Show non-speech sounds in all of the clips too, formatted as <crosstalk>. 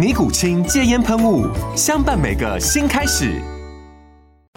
尼古清戒煙噴霧，相伴每個新開始。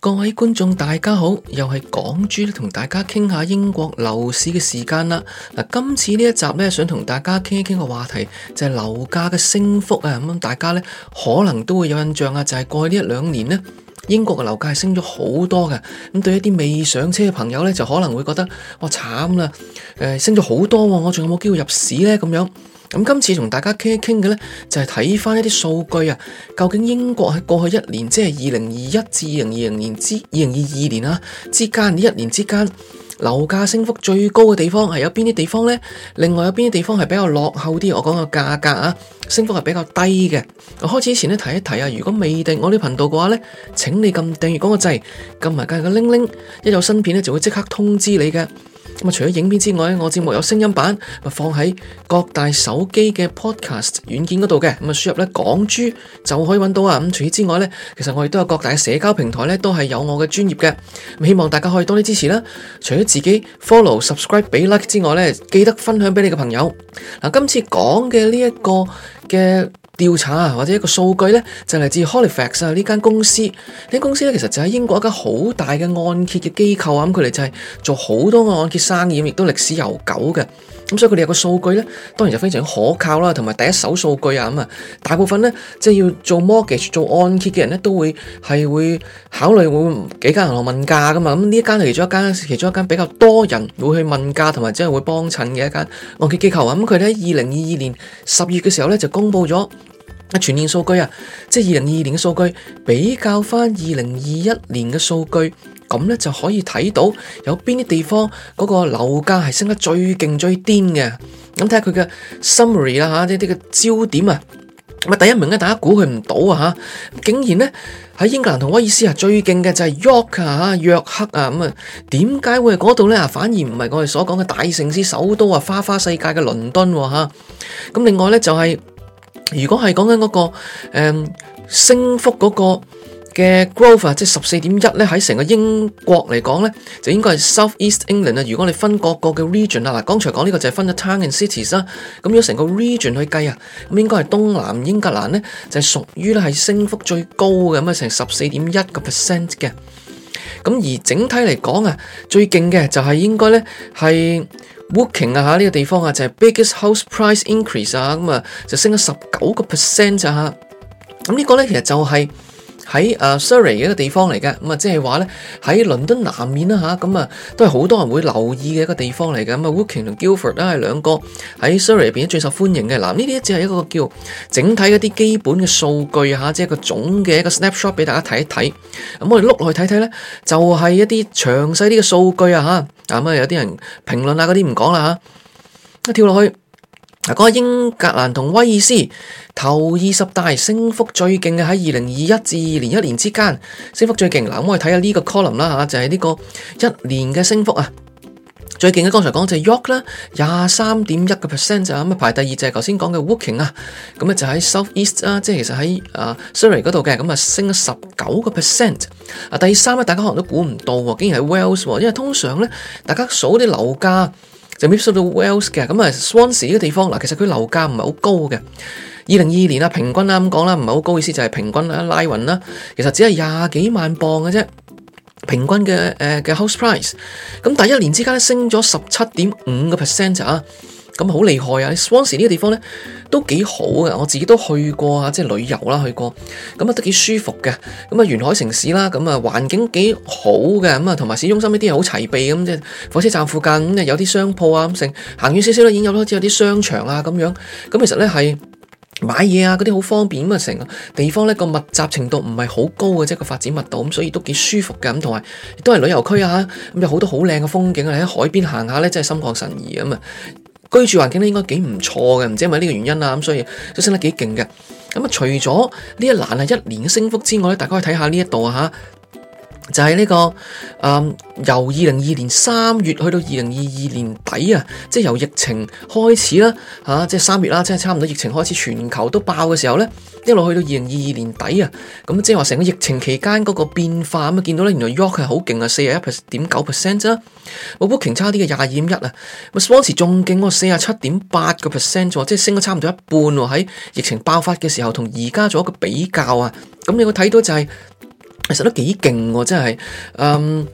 各位觀眾大家好，又係港珠同大家傾下英國樓市嘅時間啦。嗱，今次呢一集呢，想同大家傾一傾個話題就係樓價嘅升幅啊。咁大家呢，可能都會有印象啊，就係過去呢一兩年呢，英國嘅樓價係升咗好多嘅。咁對一啲未上車嘅朋友呢，就可能會覺得哇慘啦，誒升咗好多，我仲有冇機會入市呢？咁樣。咁今次同大家傾一傾嘅咧，就係睇翻一啲數據啊，究竟英國喺過去一年，即係二零二一至二零二零年之二零二二年啊之間呢一年之間，樓價升幅最高嘅地方係有邊啲地方咧？另外有邊啲地方係比較落後啲？我講個價格啊，升幅係比較低嘅。我開始之前咧，提一提啊，如果未訂我呢個頻道嘅話咧，請你撳訂閱嗰個掣，撳埋隔籬個鈴鈴，一有新片咧就會即刻通知你嘅。咁除咗影片之外，我節目有聲音版，咪放喺各大手機嘅 Podcast 軟件嗰度嘅。咁啊，輸入咧港珠就可以揾到啊。咁除此之外咧，其實我亦都有各大社交平台咧，都係有我嘅專業嘅。咁希望大家可以多啲支持啦。除咗自己 follow、subscribe、俾 like 之外咧，記得分享俾你嘅朋友。嗱，今次講嘅呢一個嘅。調查啊，或者一個數據呢，就嚟自 Halifax 呢間公司。呢間公司呢，其實就喺英國一間好大嘅按揭嘅機構啊，咁佢哋就係做好多個按揭生意，亦都歷史悠久嘅。咁所以佢哋有個數據咧，當然就非常可靠啦，同埋第一手數據啊咁啊。大部分咧，即係要做 mortgage 做按揭嘅人咧，都會係會考慮會幾間銀行問價㗎嘛。咁呢一間係其中一間，其中一間比較多人會去問價同埋即係會幫襯嘅一間按揭機構啊。咁佢哋喺二零二二年十月嘅時候咧，就公布咗全年數據啊，即係二零二二年嘅數據，比較返二零二一年嘅數據。咁咧就可以睇到有邊啲地方嗰個樓價係升得最勁最癲嘅。咁睇下佢嘅 summary 啦、啊，吓呢啲嘅焦點啊。咁啊，第一名咧，大家估佢唔到啊吓，竟然咧喺英格蘭同威爾斯啊最勁嘅就係 York 啊、約克啊。咁啊，點解會喺嗰度咧啊？反而唔係我哋所講嘅大城市首都啊，花花世界嘅倫敦吓。咁、啊、另外咧就係、是、如果係講緊嗰個誒升幅嗰個。嗯嘅 growth 啊，即係十四點一咧，喺成個英國嚟講咧，就應該係 South East England 啊。如果你分各個嘅 region 啊，嗱，剛才講呢個就係分咗 town and cities 啦，咁如果成個 region 去計啊，咁應該係東南英格蘭咧就係屬於咧係升幅最高嘅，咁啊，成十四點一個 percent 嘅。咁而整體嚟講啊，最勁嘅就係應該咧係 Woking 啊，嚇呢個地方啊就係、是、biggest house price increase 啊，咁啊就升咗十九個 percent 咋嚇。咁呢個咧其實就係、是。喺啊 Surrey 嘅一個地方嚟嘅，咁啊即係話咧喺倫敦南面啦吓，咁啊都係好多人會留意嘅一個地方嚟嘅，咁啊 Woking 同 Guildford 都係兩個喺 Surrey 入邊最受歡迎嘅，嗱呢啲只係一個叫整體一啲基本嘅數據吓，即係個總嘅一個 snapshot 俾大家睇一睇，咁我哋碌落去睇睇咧，就係一啲詳細啲嘅數據啊吓，咁啊有啲人評論啊嗰啲唔講啦吓，一跳落去。嗱，嗰個英格蘭同威爾斯頭二十大升幅最勁嘅，喺二零二一至二年一年之間升幅最勁。嗱，咁我哋睇下呢個 column 啦吓，就係呢個一年嘅升幅啊，最勁嘅。剛才講就係 York 啦，廿三點一個 percent 就咁啊，排第二就係頭先講嘅 Working 啊，咁咧就喺 South East 啦，即係其實喺啊 Surrey 嗰度嘅，咁啊升咗十九個 percent 啊，第三咧大家可能都估唔到喎，竟然係 Wales 喎，因為通常咧大家數啲樓價。就 m i s e a 到 Wales 嘅，咁啊 Swansea 呢個地方，嗱其實佢樓價唔係好高嘅。二零二二年啊，平均啦咁講啦，唔係好高意思就係平均啦拉雲啦，其實只係廿幾萬磅嘅啫，平均嘅嘅、呃、house price。咁第一年之間咧升咗十七點五個 percent 啊。咁好厲害啊！Swans 呢個地方呢，都幾好嘅，我自己都去過啊，即係旅遊啦去過，咁啊都幾舒服嘅。咁啊，沿海城市啦，咁啊環境幾好嘅，咁啊，同埋市中心呢啲係好齊備咁，即係火車站附近咁有啲商鋪啊，咁剩，行遠少少啦，已經有開始有啲商場啊咁樣。咁其實呢係買嘢啊嗰啲好方便咁啊，成個地方呢個密集程度唔係好高嘅，即係，個發展密度咁，所以都幾舒服嘅。咁同埋亦都係旅遊區啊，咁有好多好靚嘅風景啊，喺海邊行下呢，真係心曠神怡啊。居住環境咧應該幾唔錯嘅，唔知係咪呢個原因啊。咁所以都升得幾勁嘅。咁啊，除咗呢一欄係一年嘅升幅之外咧，大家可以睇下呢一度啊嚇。就係、是、呢、這個誒、嗯，由二零二二年三月去到二零二二年底啊，即係由疫情開始啦，嚇即係三月啦，即係差唔多疫情開始全球都爆嘅時候咧，一路去到二零二二年底啊，咁、嗯、即係話成個疫情期間嗰個變化咁啊、嗯，見到咧原來 Rock 係好勁啊，四十一點九 percent b 啫，Woking 差啲嘅廿二點一啊，Spencer 仲勁喎，四十七點八個 percent 喎，即係升咗差唔多一半喎，喺疫情爆發嘅時候同而家做一個比較啊，咁你會睇到就係、是。其實都幾勁喎，真係。嗯，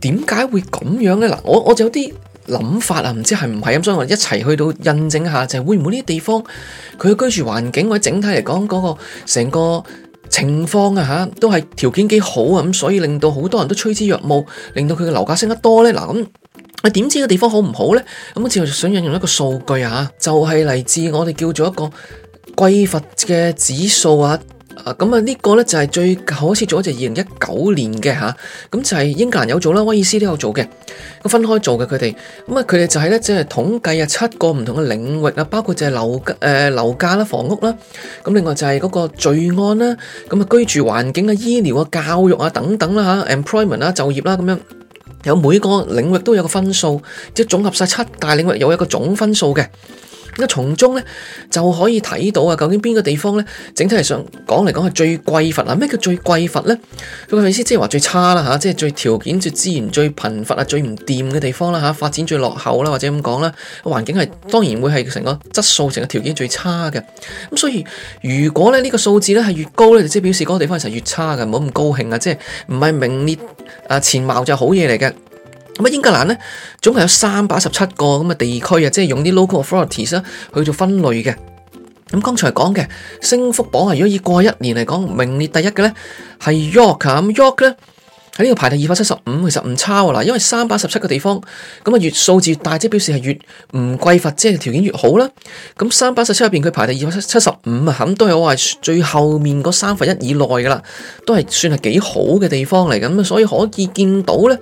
點解會咁樣咧？嗱，我我就有啲諗法啊，唔知係唔係咁，所以我哋一齊去到印證下，就係會唔會呢啲地方佢嘅居住環境或者整體嚟講嗰個成個情況啊，吓都係條件幾好啊，咁所以令到好多人都趨之若鶩，令到佢嘅樓價升得多咧。嗱，咁我點知呢個地方好唔好咧？咁我之後想引用一個數據呀，就係、是、嚟自我哋叫做一個匱乏嘅指數啊。啊、這個，咁啊，呢個咧就係最開始做一隻二零一九年嘅嚇，咁就係英格蘭有做啦，威爾斯都有做嘅，咁分開做嘅佢哋，咁啊佢哋就係咧即係統計啊七個唔同嘅領域啦，包括就係樓價誒樓價啦、房屋啦，咁另外就係嗰個罪案啦，咁啊居住環境啊、醫療啊、教育啊等等啦嚇 <noise> ，employment 啊就業啦咁樣，有每個領域都有個分數，即係總合晒七大領域有一個總分數嘅。咁從中呢就可以睇到啊，究竟邊個地方呢整體係想講嚟講係最匱乏啊？咩叫最匱乏呢？佢嘅意思即係話最差啦吓，即係最條件最資源最貧乏啊、最唔掂嘅地方啦發展最落後啦，或者這咁講啦，環境係當然會係成個質素成個條件最差嘅。咁所以如果呢呢個數字呢係越高呢，就即係表示嗰個地方成越差的嘅，唔好咁高興啊！即係唔係名列前茅就是好嘢嚟嘅咁英格蘭咧，總共有三百一十七個咁嘅地區，即係、就是、用啲 local authorities 去做分類嘅。咁剛才講嘅升幅榜，如果以過去一年嚟講，名列第一嘅呢係 York，咁 York 喺呢個排第二百七十五，其實唔差啊。嗱，因為三百一十七個地方咁啊，越數字越大，即表示係越唔匱乏即係條件越好啦。咁三百一十七入邊，佢排第二百七十五啊，咁都係我話最後面嗰三分一以內噶啦，都係算係幾好嘅地方嚟咁啊。所以可以見到咧，誒、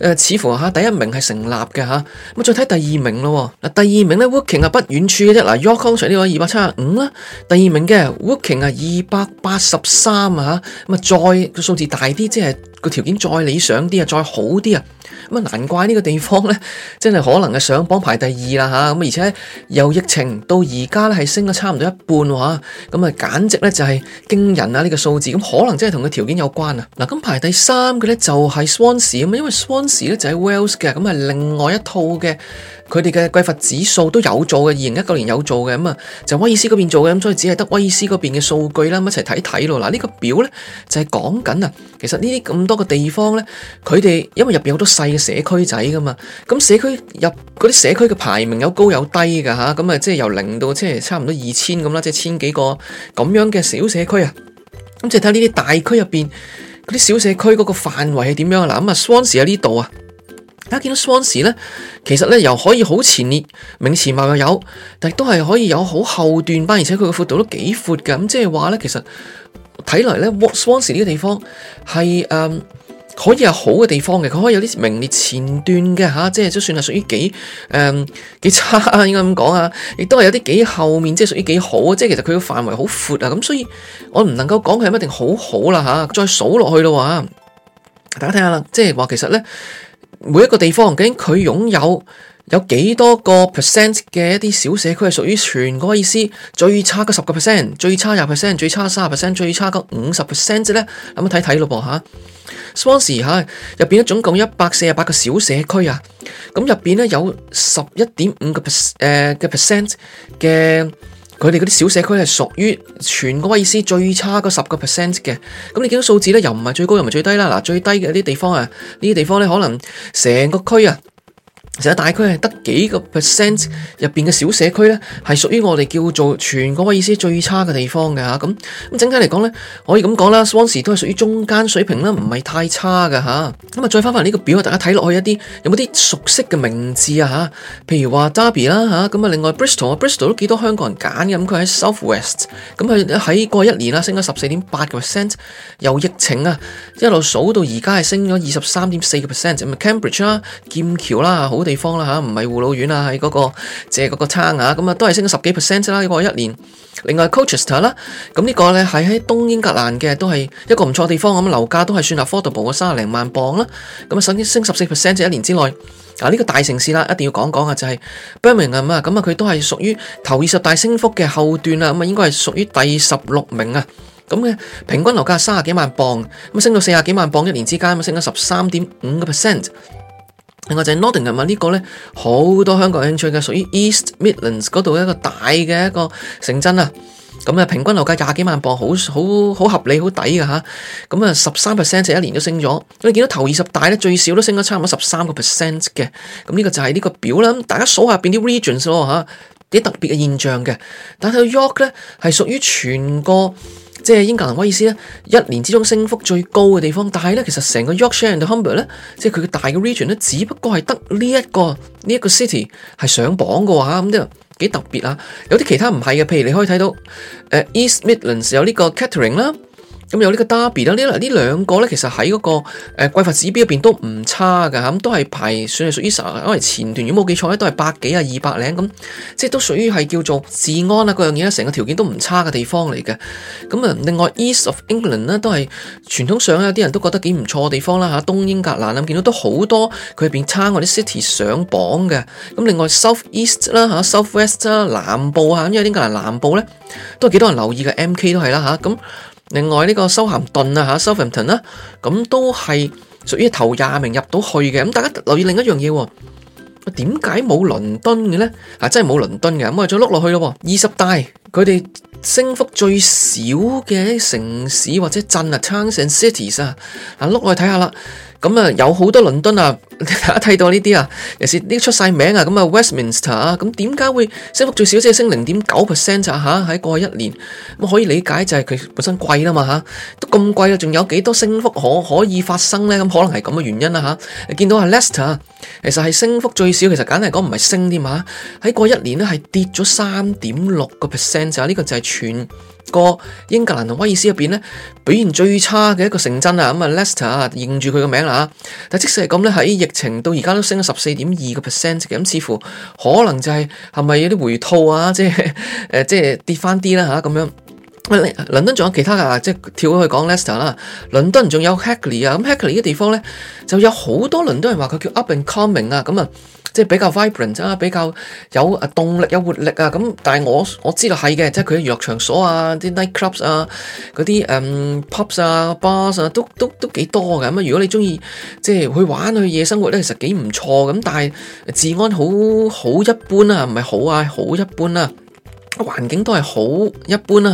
呃，似乎吓第一名係成立嘅吓，咁啊，再睇第二名咯，嗱，第二名咧，working 啊，不遠處嘅啫，嗱 York Country 呢個二百七十五啦，第二名嘅 working 啊，二百八十三啊吓咁啊，再個數字大啲，即係。個條件再理想啲啊，再好啲啊，咁啊，難怪呢個地方咧，真係可能係上榜排第二啦吓，咁而且由疫情到而家咧係升咗差唔多一半喎，咁啊，簡直咧就係驚人啊呢個數字，咁可能真係同個條件有關啊。嗱，咁排第三嘅咧就係 Swansea，咁因為 Swansea 咧就係 Wales 嘅，咁啊另外一套嘅佢哋嘅匱乏指數都有做嘅，二零一九年有做嘅，咁啊就威爾斯嗰邊做嘅，咁所以只係得威爾斯嗰邊嘅數據啦，咁一齊睇睇咯。嗱，呢個表咧就係講緊啊，其實呢啲咁多。多個地方呢，佢哋因為入邊有好多細嘅社區仔噶嘛，咁社區入嗰啲社區嘅排名有高有低噶吓，咁啊、嗯、即係由零到即係差唔多二千咁啦，即係千幾個咁樣嘅小社區啊，咁即係睇呢啲大區入邊嗰啲小社區嗰個範圍係點樣啊？嗱，咁啊，Suns 喺呢度啊，大家見到 Suns 呢其實呢又可以好前列、名列前茅又有，但係都係可以有好後段啦，而且佢嘅闊度都幾闊咁，即係話呢，其實。睇嚟咧，Swansea 呢個地方係誒、嗯、可以係好嘅地方嘅，佢可以有啲名列前段嘅吓，即係都算係屬於幾誒、嗯、幾差應該咁講啊，亦都係有啲幾後面，即係屬於幾好啊，即係其實佢個範圍好闊啊，咁所以我唔能夠講佢係咪一定好好啦吓，再數落去咯話大家睇下啦，即係話其實咧每一個地方究竟佢擁有。有幾多個 percent 嘅一啲小社區係屬於全個威爾斯最差嘅十個 percent，最差廿 percent，最差卅 percent，最差咁五十 percent 咧，咁樣睇睇咯噃吓。Sons 吓入邊咧總共一百四十八個小社區啊，咁入邊咧有十一點五個 percent 嘅 percent 嘅，佢哋嗰啲小社區係屬於全個威爾斯最差嘅十個 percent 嘅。咁你見到數字咧又唔係最高又唔係最低啦，嗱最低嘅一啲地方啊，呢啲地方咧可能成個區啊。成日大區係得幾個 percent 入邊嘅小社區咧，係屬於我哋叫做全個威爾斯最差嘅地方嘅嚇。咁咁整體嚟講咧，可以咁講啦 Swansea 都係屬於中間水平啦，唔係太差嘅吓，咁啊，再翻翻呢個表啊，大家睇落去一啲有冇啲熟悉嘅名字啊嚇？譬如話 Derby 啦吓，咁啊，另外 Bristol 啊，Bristol 都幾多香港人揀嘅，咁佢喺 South West，咁、啊、佢喺過去一年啦，升咗十四點八個 percent，由疫情啊一路數到而家係升咗二十三點四個 percent。咁啊，Cambridge 啦，劍橋啦，啊地方啦吓，唔係護老院啊，喺嗰、那個借嗰個差額啊，咁啊都係升咗十幾 percent 啦，呢個一年。另外 Colchester 啦，咁呢個咧係喺東英格蘭嘅，都係一個唔錯嘅地方咁，樓價都係算 affordable 嘅，三十零萬磅啦。咁啊，首先升十四 percent，一年之內。嗱，呢個大城市啦，一定要講講啊，就係、是、Birmingham 啊，咁啊佢都係屬於頭二十大升幅嘅後段啦，咁啊應該係屬於第十六名啊。咁嘅平均樓價三十幾萬磅，咁升到四十幾萬磅，一年之間咁升咗十三點五個 percent。另外就係 Nottingham 呢個咧，好多香港的興趣嘅，屬於 East Midlands 嗰度一個大嘅一個城鎮啊。咁啊，平均樓價廿幾萬磅，好好好合理，好抵㗎吓。咁啊，十三 percent 就一年都升咗。你見到頭二十大咧，最少都升咗差唔多十三個 percent 嘅。咁呢個就係呢個表啦。咁大家數下邊啲 regions 咯嚇，幾特別嘅現象嘅。但係 York 咧係屬於全個。即係英格蘭威爾斯咧，一年之中升幅最高嘅地方，但係咧其實成個 Yorkshire 同 Humber 咧，即係佢嘅大嘅 region 咧，只不過係得呢一個呢一個 city 係上榜嘅話，咁都幾特別啊。有啲其他唔係嘅，譬如你可以睇到 East Midlands 有呢個 Catering 啦。咁有呢個 Darby 啦，呢呢兩個呢，其實喺嗰個誒匱乏指標入邊都唔差嘅，咁都係排算係屬於，因為前段如果冇記錯呢，都係百幾啊二百零咁，即係都屬於係叫做治安啊嗰樣嘢成個條件都唔差嘅地方嚟嘅。咁啊，另外 East of England 呢，都係傳統上有啲人都覺得幾唔錯嘅地方啦嚇、啊，東英格蘭咁，啊、見到都好多佢入邊差嗰啲 City 上榜嘅。咁另外 South East 啦，啊、South West 啦，啊、南部啊，因為英格蘭南部呢，都係幾多人留意嘅 M K 都係啦咁。啊啊另外呢個修咸頓啊嚇 Southampton 啦，咁都係屬於頭廿名入到去嘅。咁大家留意另一樣嘢喎，點解冇倫敦嘅咧？啊，真係冇倫敦嘅。咁、啊、我哋再碌落去咯。二十大佢哋升幅最少嘅城市或者鎮啊 towns and cities 啊，啊碌落去睇下啦。咁啊，有好多倫敦啊，大家睇到呢啲啊，尤其是呢啲出晒名啊，咁啊 Westminster 啊，咁點解會升幅最少只係升零點九 percent 啊？吓，喺過去一年，咁可以理解就係佢本身貴啦嘛吓，都咁貴啦，仲有幾多升幅可可以發生咧？咁可能係咁嘅原因啦吓，你見到啊 Lester 其實係升幅最少，其實簡單嚟講唔係升添啊，喺過去一年咧係跌咗三點六個 percent 啊，呢個就係全。個英格蘭同威爾斯入邊咧表現最差嘅一個城鎮啊，咁啊 Leicester 啊，認住佢個名啦吓。但即使係咁咧，喺疫情到而家都升咗十四點二個 percent 嘅，咁似乎可能就係係咪有啲回吐啊，即係誒，即係跌翻啲啦吓咁樣。倫敦仲有其他噶，即係跳開去講 Leicester 啦。倫敦仲有 Hackney 啊，咁 Hackney 嘅地方咧就有好多倫敦人話佢叫 Up and Coming 啊，咁啊。即係比較 vibrant 啊，比較有啊動力、有活力啊咁。但係我我知道係嘅，即係佢啲娛樂場所啊、啲 night clubs 啊、嗰啲嗯 pubs 啊、bars 啊，都都都幾多嘅咁啊。如果你鍾意即係去玩去夜生活咧，其實幾唔錯咁。但係治安好好一般啊，唔係好啊，好一般啊。環境都係好一般啦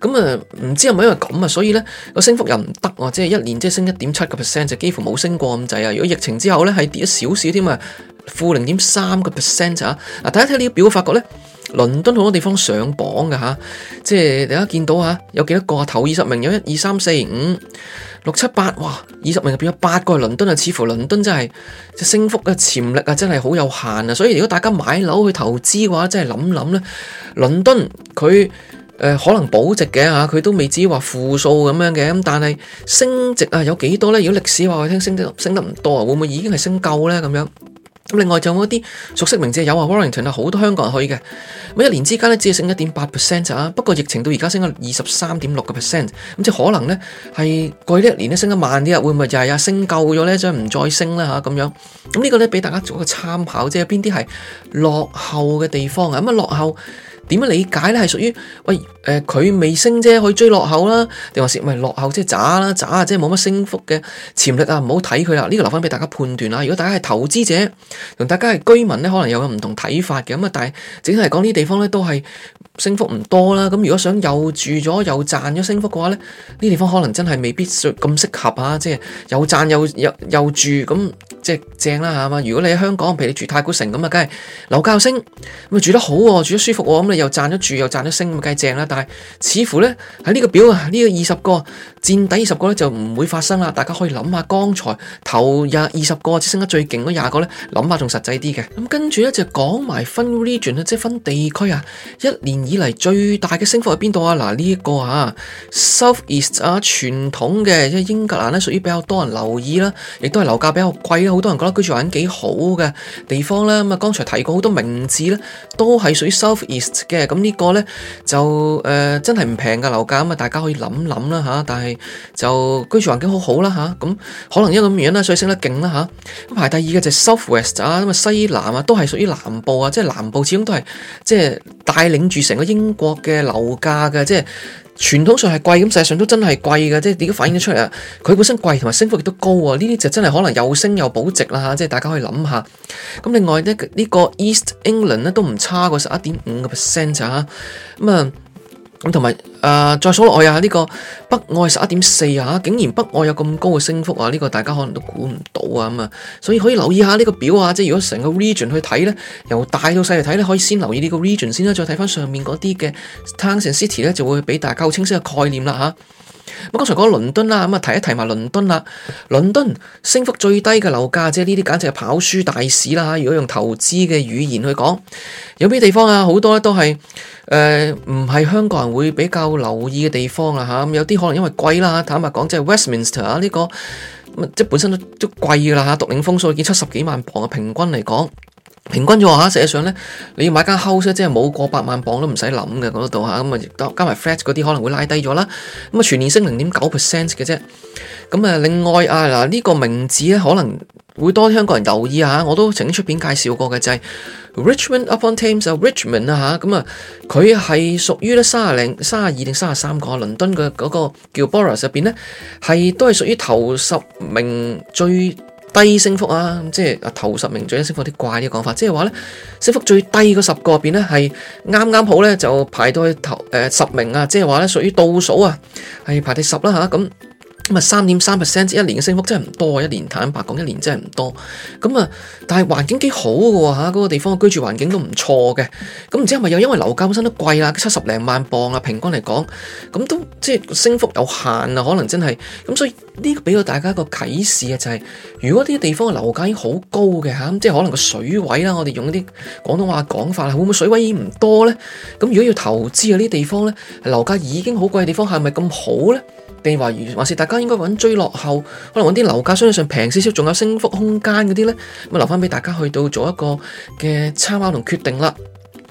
嚇，咁啊唔知係咪因為咁啊，所以咧個升幅又唔得喎，即係一年即係升一點七個 percent 就幾乎冇升過咁滯啊！如果疫情之後咧係跌咗少少添啊，負零點三個 percent 啊，嗱大家睇一睇呢個表會發覺咧。倫敦好多地方上榜㗎。吓，即係大家見到吓，有幾多個啊，頭二十名有一二三四五六七八，哇！二十名入邊有八個係倫敦啊，似乎倫敦真係就升幅嘅潛力啊，真係好有限啊！所以如果大家買樓去投資嘅話，真係諗諗咧，倫敦佢、呃、可能保值嘅吓，佢都未至於話負數咁樣嘅，咁但係升值啊有幾多咧？如果歷史話佢聽，升得升得唔多啊，會唔會已經係升夠咧咁樣？咁另外仲有一啲熟悉名字嘅友啊 Warrington 啊，好多香港人去嘅。咁一年之間咧，只係升一點八 percent 咋，不過疫情到而家升咗二十三點六個 percent。咁即係可能咧，係過去呢一年咧升得慢啲啊，會唔會就係啊升夠咗咧，將唔再升啦吓咁樣。咁呢個咧俾大家做一個參考，即係邊啲係落後嘅地方啊。咁啊落後。點樣理解咧？係屬於喂誒，佢、呃、未升啫，去追落後啦。定話係咪落後即係渣啦，渣啊，即係冇乜升幅嘅潛力啊，唔好睇佢啦。呢、呢個留翻俾大家判斷啦、啊。如果大家係投資者同大家係居民咧，可能有有唔同睇法嘅。咁啊，但係整體嚟講，呢啲地方咧都係升幅唔多啦。咁如果想又住咗又賺咗升幅嘅話咧，呢啲地方可能真係未必咁適合啊。即係又賺又又又住咁。即正啦，吓嘛！如果你喺香港，譬如你住太古城咁啊，梗係樓價升，咁住得好，住得舒服，咁你又賺咗住，又賺咗升，咁梗係正啦。但係似乎咧喺呢在這個表啊，呢、這個二十個墊底二十個咧就唔會發生啦。大家可以諗下剛才頭日二十個即升得最勁嗰廿個咧，諗下仲實際啲嘅。咁跟住咧就講埋分 region 啊，即係分地區啊。一年以嚟最大嘅升幅喺邊度啊？嗱、這個，呢一個吓 South East 啊，傳統嘅即係英格蘭咧，屬於比較多人留意啦，亦都係樓價比較貴啦。好多人覺得居住環境幾好嘅地方啦，咁啊剛才提過好多名字咧，都係屬於 South East 嘅，咁呢個咧就誒真係唔平嘅樓價，咁啊大家可以諗諗啦嚇，但係就居住環境好好啦嚇，咁可能因為咁樣啦，所以升得勁啦嚇。排第二嘅就係 South West 啊，咁啊西南啊都係屬於南部啊，即係南部始終都係即係帶領住成個英國嘅樓價嘅，即係。傳統上係貴，咁實際上都真係貴嘅，即係點解反映咗出嚟啊？佢本身貴同埋升幅亦都高啊！呢啲就真係可能又升又保值啦嚇，即係大家可以諗下。咁另外咧，呢、呢個 East England 呢，都唔差過十一點五個 percent 啊，咁、嗯、啊。咁同埋，誒、呃、再數落去啊！呢、呢個北愛十一點四嚇，竟然北愛有咁高嘅升幅啊！呢、呢個大家可能都估唔到啊！咁啊，所以可以留意下呢個表啊，即係如果成個 region 去睇咧，由大到細嚟睇咧，可以先留意呢個 region 先啦，再睇翻上面嗰啲嘅 town city 咧，就會俾大家夠清晰嘅概念啦、啊。咁剛才講到倫敦啦，咁提一提埋倫敦啦。倫敦升幅最低嘅樓價，即係呢啲簡直係跑輸大市啦。如果用投資嘅語言去講，有邊啲地方啊？好多都係誒，呃，唔係香港人會比較留意嘅地方啦。有啲可能因為貴啦，坦白講，即係 Westminster 這呢個，即本身都都貴㗎啦。獨領風騷已經七十幾萬磅嘅平均嚟講。平均咗嚇，實際上咧，你要買間 house 即係冇過百萬磅都唔使諗嘅嗰度嚇，咁啊亦都加埋 flat 嗰啲可能會拉低咗啦。咁啊全年升零點九 percent 嘅啫。咁啊另外啊，嗱呢個名字咧可能會多香港人留意嚇，我都曾經出片介紹過嘅就係、是、Richmond upon Thames 啊 Richmond 啊嚇，咁啊佢係屬於咧三十二定三十三個倫敦嘅嗰個叫 Borough 入面咧，係都係屬於頭十名最。低升幅啊，即係頭十名最低升幅有啲怪嘅講法，即係話咧升幅最低嗰十個入邊咧係啱啱好咧就排到去頭誒、呃、十名啊，即係話咧屬於倒數啊，係排第十啦吓咁。咁啊，三點三 percent 一年嘅升幅真係唔多。一年坦白講，一年真係唔多。咁啊，但係環境幾好嘅喎，嗰個地方嘅居住環境都唔錯嘅。咁唔知係咪又因為樓價本身都貴啦，七十零萬鎊啊，平均嚟講，咁都即係升幅有限啊，可能真係。咁所以呢個俾到大家一個啟示啊，就係，就係如果啲地方嘅樓價已經好高嘅嚇，即係可能個水位啦，我哋用啲廣東話講法啦，會唔會水位已經唔多咧？咁如果要投資啊，呢啲地方咧樓價已經好貴嘅地方，係咪咁好咧？定話，如還是大家應該揾追落後，可能揾啲樓價相對上平少少，仲有升幅空間嗰啲呢？咁留返俾大家去到做一個嘅參考同決定啦。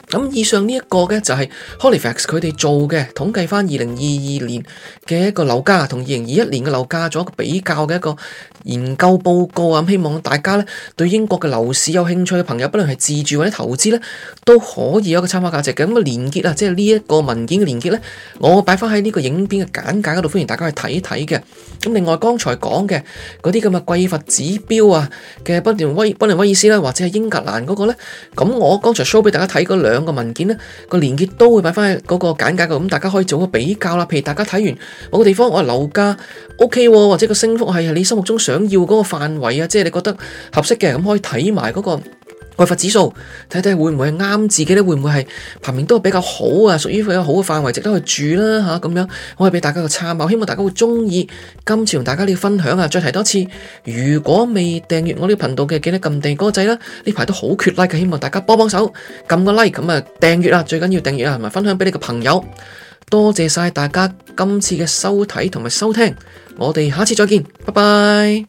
咁以上呢一個呢，就係 Halifax 佢哋做嘅統計，翻二零二二年嘅一個樓價同二零二一年嘅樓價做一個比較嘅一個研究報告啊！希望大家呢，對英國嘅樓市有興趣嘅朋友，不論係自住或者投資呢，都可以有一個參考價值嘅。咁嘅連結啊，即係呢一個文件嘅連結呢，我擺翻喺呢個影片嘅簡介嗰度，歡迎大家去睇一睇嘅。咁另外，剛才講嘅嗰啲咁嘅匱乏指標啊嘅不論威不論威爾斯啦，或者係英格蘭嗰個呢，咁我剛才 show 俾大家睇嗰兩兩個文件咧，個連接都會擺翻去嗰個簡介度，咁大家可以做個比較啦。譬如大家睇完某個地方，我話樓價 OK，或者個升幅係你心目中想要嗰個範圍啊，即係你覺得合適嘅，咁可以睇埋嗰個。匱乏指數睇睇會唔會啱自己咧？會唔會係排名都係比較好啊？屬於比較好嘅範圍，值得去住啦吓，咁樣，我係俾大家個參考，希望大家會中意。今次同大家呢個分享啊，再提多次，如果未訂閱我呢個頻道嘅，記得撳地歌仔啦。呢排都好缺 like，希望大家幫幫手撳個 like，咁啊訂閱啊，最緊要訂閱啊，同埋分享俾你嘅朋友。多謝晒大家今次嘅收睇同埋收聽，我哋下次再見，拜拜。